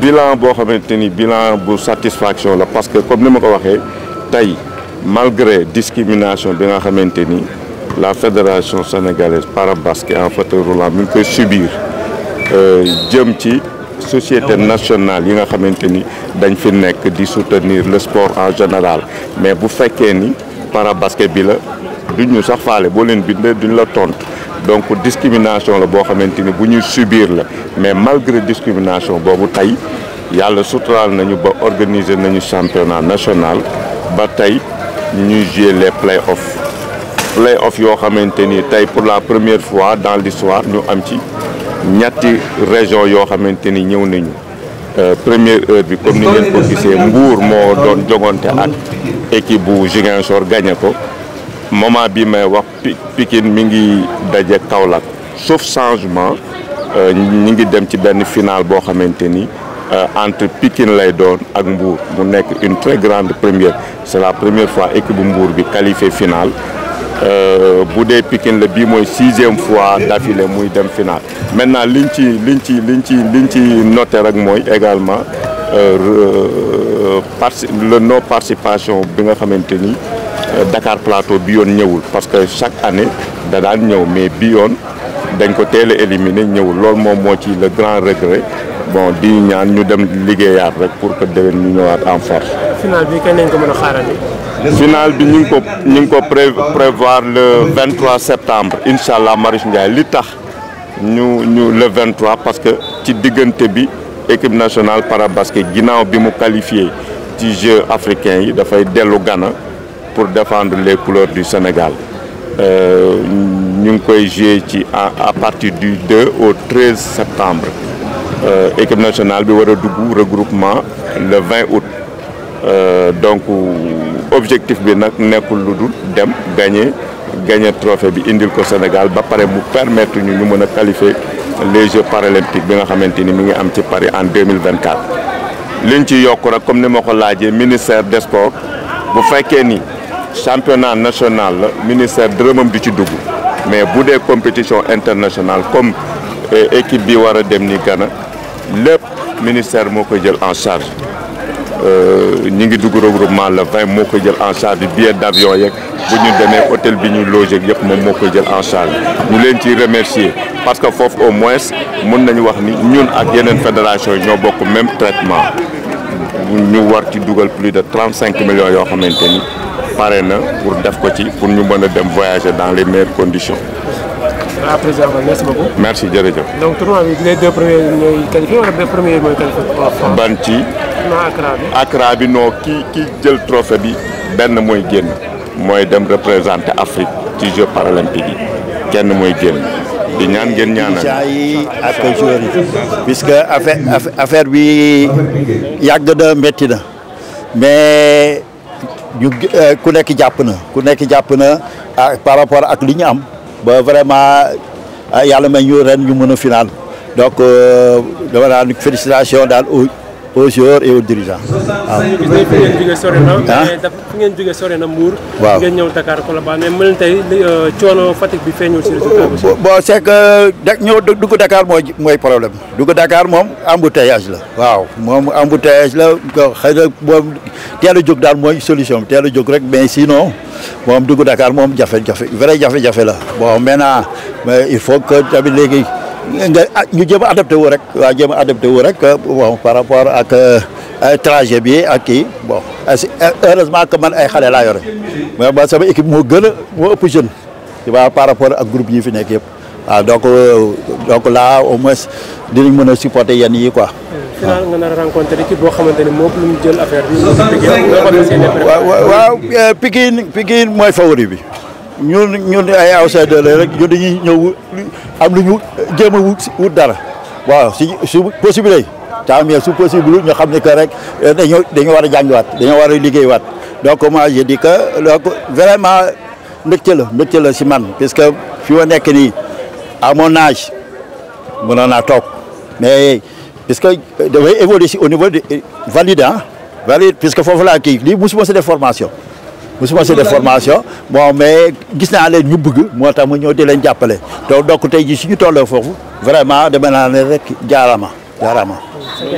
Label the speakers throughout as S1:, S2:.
S1: bilan bo xamanteni bilan bu satisfaction la parce que comme ni ma ko waxee malgré discrimination bi nga xamanteni la fédération sénégalaise parabasket en fauteuil roulant mi ngi subir subir euh, djem ci société nationale yi nga xamanteni dañ fi nek di soutenir le sport en général mais bu fekkee ni parabasket bi la duñ sax faale bo len bindé duñ la tontu donc discrimination la boo xamante ni bu subir la mais malgré discrimination boobu tey yàlla suturaal nañu ba organiser nañu championnat national ba tey ñuy jouer les play-off play-off yoo xamante ni tey pour la première fois dans l'histoire ñu am ci ñetti région yoo xamante ni ñëw nañu euh, première heure bi comme ni ngeen ko gisee Mbour moo doon jogante ak équipe bu Ziguinchor gagné ko moment bi may wax Pikine mi ngi daje Kaolack sauf changement euh, ñi ngi dem ci ben finale bo xamante euh, entre Pikine lay doon ak Mbour mu nekk une très grande première c'est la première fois équipe bu Mbour bi qualifié finale euh, bu dee Pikine bi moy 6 sixième fois d'affilée muy dem finale maintenant liñ ci liñ ci liñ ci liñ ci noter rek moy également euh, le non participation bi nga xamante euh, Dakar Plateau Bion parce que chaque année da daan ñëw mais bion d'un dañ ko télé a éliminer ñëwul ci le grand regret bon di ñaan ñu dem rek pour que nous ñu en force. final bi kañ ko prévoir le 23 septembre Inch'Allah marie Ndiaye li tax ñu ñu le 23 parce que ci digënté bi équipe nationale para basket ginaaw bi mu qualifié ci Jeux africains yi fay des Ghana pour défendre les couleurs du Sénégal euh, nous avons koy à partir du 2 au 13 septembre euh, équipe nationale de regroupement le 20 août euh, donc objectif bi de gagner gagner trophée bi Sénégal ba permettre ñu nous qualifier les Jeux paralympiques en 2024 liñ ci comme ministère des sports bu championnat national la ministère dërëmam di ci dugg mais bu dee compétition international comme eh, équipe bi war a dem ni Ghana lépp ministère moo koy jël en charge euh, ñi ngi dugg regroupement le 20 moo koy jël en charge billet d' avion yeeg bu ñu demee hôtel bi ñu logé yëpp moom moo koy jël en charge ñu leen ci remercier parce que foofu au moins mun nañu wax ni ñun ak yeneen fédération yi ñoo bokk même traitement ñu war ci dugal plus de 35 millions yoo xamante ni pour def ko ci pour ñu mener dem voyager dans les meilleures conditions.
S2: ah présent, merci beaucoup.
S1: merci jërëjëf.
S2: donc trois, bi les deux premiers ñooy qualifié wala premier mooy qualifié.
S1: ban ci. non Accra bi. Accra bi non ki ki jël trophée bi benn mooy génn mooy dem représenter Afrique ci Jeux paralympiques
S3: kenn génn. di ñaan ngeen ñaanal yi ak joueurs yi puisque affaire affaire bi yàgg na métti na mais euh, ku nekk jàpp na ku nekk jàpp na ah, par rapport ak li ñu am ba vraiment ah, yàlla may ñu ren ñu mën a final donc euh, dama naan félicitation daal au aux joueurs et aux dirigeants. waaw
S1: ngeen jógee sori na. mais ah?
S2: dafa ngeen jógee sori na Mbour. waaw ngeen ñëw Dakar Colobane mais mën tey euh, coono Fatick bi ñëw si
S3: résultat bi. bon c' est que da ñëw mooy mooy problème dugg dakaar moom embouteillage la. waaw moom embouteillage la xëy na moom teel a jóg daal mooy solution teel a jóg rek mais sino moom dugg dakaar moom jafe-jafe vrai jafe-jafe la bon maintenant il faut que tamit léegi. nga ñu jéem a adapté wu rek waaw jéem a adapté wu rek bon par rapport ak trajet bi ak kii bon heureusement que man ay xale laa yore mais ba sama équipe moo gën a moo ëpp jeune tu vois par rapport ak groupe yi fi nekk yëpp waaw donc donc là au moins dinañ mën a supporter yi quoi. final
S2: nga nar a rencontré équipe boo waaw
S3: waaw Pikine mooy favori bi. ñun ñun ay outsider la rek ñun ñu ñëw am lu ñu jéem a wut dara waaw si su possible tant mieux su possible ñu xam ni que rek dañoo dañoo war a jàngiwaat dañoo war a liggéeywaat donc moi di dis que donc vraiment mbégte la mbégte la si man que fi ma nekk nii à mon âge mënoon naa toog mais que dafay évoluer si au niveau de valide ah valide puisque foofu laa kii lii musuma si def formation. musuma si def formation bon mais gis naa leen ñu bëgg moo tax mu ñëw di leen jàppale donc donc tey jii suñu tollee foofu vraiment dama naa ne rek jaarama jaarama.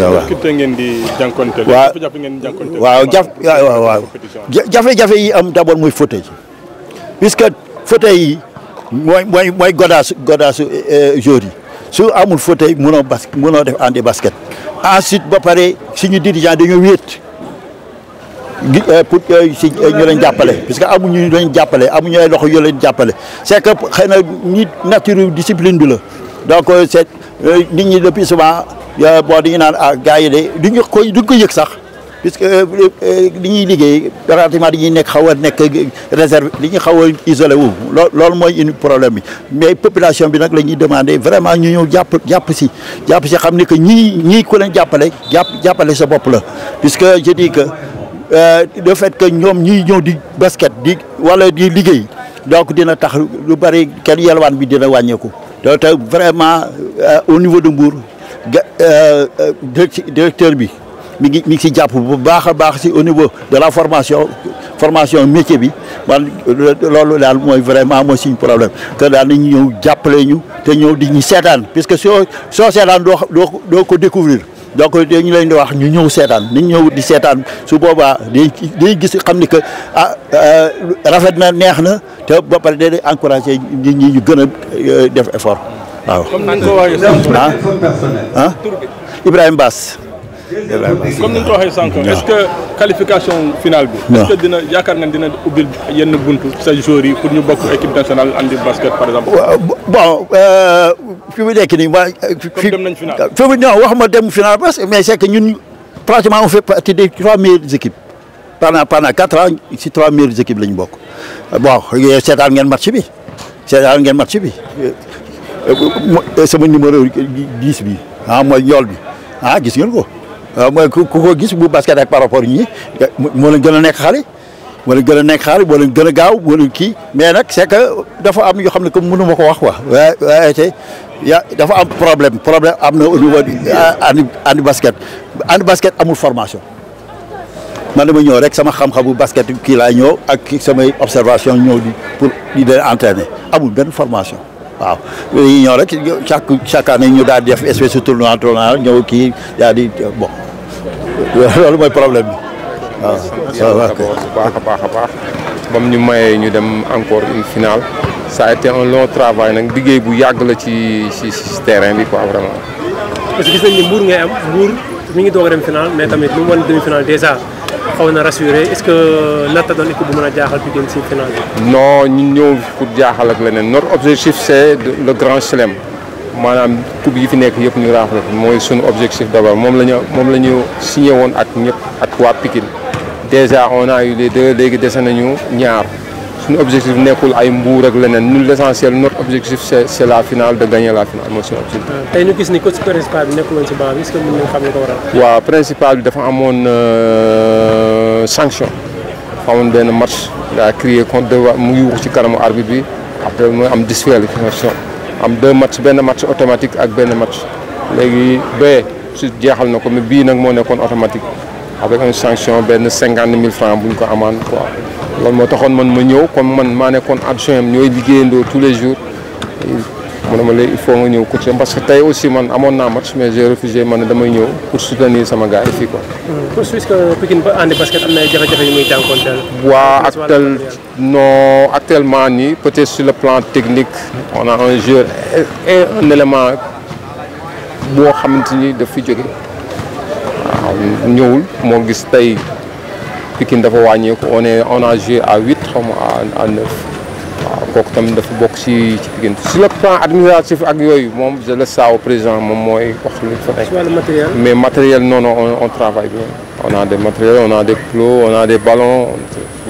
S3: waaw ngeen di jànkuwanteel. waaw jafe-jafe ngeen di jànkuwanteel. waaw jaf waaw waaw jafe-jafe yi am d'abord muy fauteuil puisque fauteuil yi mooy mooy mooy godaasu godaasu euh, euh, jour yi su amul fauteuil mënoo bas mënoo def andi basket ensuite ba pare suñu dirigeant dañu wéet. Euh, pour euh, si euh, ñu leen jàppale parce que amuñu ñu leen jàppale amuñu ay loxo yu leen jàppale c'est que xëy na nit nature discipline bi la donc c'est nit ñi depuis souvent bon ñu naan ah gars yi de duñu ko duñ ko yëg sax que li ñuy liggéey pratiquement dañuy nekk xaw a nekk réserve li ñuy xaw a isolé wu loolu mooy une problème bi mais population bi nag la ñuy demandé vraiment ñu ñëw jàpp jàpp si jàpp si xam ni que ñii ñii ku leen jàppale jàpp jàppale sa bopp la puisque je dis que de euh, fait que ñoom ñiy ñëw di basket di wala di liggéey donc dina tax lu bari kenn yelwaan bi dina wàññeeku. te te vraiment euh, au niveau de Mbour ga euh, directeur bi mi ngi mi ngi si jàpp bu baax a baax si au niveau de la formation formation métier bi man loolu daal mooy vraiment mooy suñu problème te daal nañ ñëw jàppale ñu te ñëw di ñu seetaan puisque soo soo seetaan doo doo ko découvrir donc dañ ñu leen di wax ñu ñëw seetaan ni ñëw di seetaan su boobaa day day gis xam ni que ah rafet na neex na te ba pare day encouragé nit ñi ñu gën def effort waaw. comme nan ko waa ah ah, eh, ah. Ibrahima Bass. comme ni ñu ko
S1: waxee sànq qualification finale bi. est-ce que dina yaakaar nga dina ubbil yenn buntu sa joueurs yi pour ñu bokk équipe nationale andi basket par exemple.
S3: bon euh, fi mu nekk nii waa. dem nañ final fi mu non waxuma dem final parce que mais c'est que ñun pratiquement on fait partie des trois meilleures équipes. pendant pendant quatre ans ci trois meilleures équipes la ñu bokk bon seetaan ngeen match bi seetaan ngeen match bi sa euh, euh, sama numéro 10 bi ah mooy njool bi ah gis ngeen ko. Euh, moy ku ko gis basket ak parapore ñi ya, mo la gëna nek xali mo la gëna nek xali bo la gëna gaaw bo la ki mais nak c'est que dafa am yo ya dafa am problème problème am na au basket and basket amul formation man dama ñëw sama xam xam basket ki la sama observation ñëw di pour di dé entraîner amul ben formation waaw ñëw rek chaque chaque année ñu daal def bon loolu mooy problème bi waaw. Ah, waaw
S2: baax a baax ñu mayee ñu dem encore une finale. ça a été un long travail nag liggéey bu yàgg la ci ci terrain bi quoi vraiment. parce que gis nañ ni Mbour ngay am Mbour mi ngi doog a dem finale mais tamit mu wan demi finale déjà xaw na rassuré est-ce que natta doon équipe bu mën a jaaxal fi dem si finale bi. non ñu ñëw pour jaaxal ak leneen notre objectif c'est le grand chelem. maanaam tub yi fi nekk yëpp ñu raafale mooy suñu objectif d'abord moom la ñu moom la ñu signé woon ak ñëpp ak waa Pikine déjà on a eu les deux léegi dese nañu ñaar suñu objectif nekkul ay mbuur ak leneen ñun l'essentiel notre objectif c'est la finale de gagner la finale mooy suñu objectif. gis ni coach principal bi nekkul woon ci banc bi est-ce que mën nañu xam li ko principal bi dafa amoon euh, sanction dafa amoon benn match daa crié contre mu yuuxu ci kanamu arbitre bi après mu am disqualification. am deux matchs benn match automatique ak benn match léegi bee su jeexal na ko mais bii nag moo nekkoon automatique avec une sanction benn cinquante mille francs bu ñu ko amaan quoi. loolu moo taxoon man ma ñëw comme man maa nekkoon adjoint am ñooy liggéeyandoo tous les jours. mu ne ma il faut nga ñëw ci parce que tey aussi man amoon naa match mais j'ai refusé man damay ñëw pour soutenir sama gars yi fii quoi. Hmm. pour suisse que Pikine ba ànd basket am na ay jafe-jafe yu muy jànkuwanteel. waa actuel non actuellement nii peut-être sur le plan technique. on a un joueur et un élément boo xamante ni daf fi jóge waaw ñëwul moo gis tey Pikine dafa wàññeeku on est on a joué à huit xaw ma à à neuf kooku tamit dafa bokk si ci diggante sur le plan administratif ak yooyu moom je le sais au président moom mooy wax lu fa nekk mais matériel non non on, on travaille bien on a des matériels on a des plots on a des ballons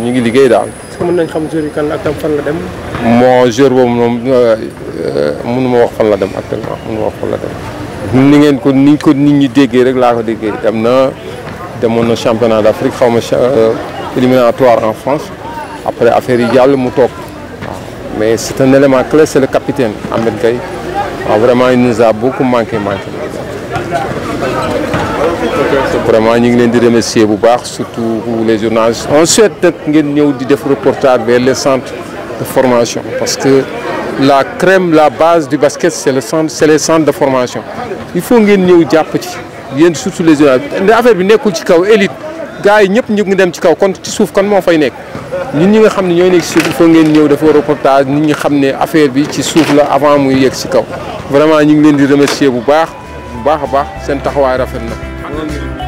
S2: ñu ngi liggéey daal. est-ce mën nañ xam joueur yi kan ak tam fan la dem. moo joueur boobu moom euh, mënuma wax fan la dem actuellement mënuma wax fan la dem ni ngeen ko ni ko nit ñi déggee rek laa ko déggee dem na demoon na championnat d'Afrique xaw ma euh, éliminatoire en France après affaire yi jàll mu toog. Mais c'est un élément clé, c'est le capitaine Ahmed ah, vraiment, il nous a beaucoup manqué, vraiment nous voulons remercier beaucoup, surtout les journalistes on souhaite que vers les centres de formation parce que la crème la base du basket c'est le centre les centres de formation il faut que nous surtout les journalistes affaire gars nous sommes ñu nit ñi nga xam ne ñooy nekk si foo ngeen ñëw dafa reportage nit ñi xam ne affaire bi ci suuf la avant muy yegg si kaw vraiment ñu ngi leen di remercier bu baax bu baax a baax seen taxawaay rafet na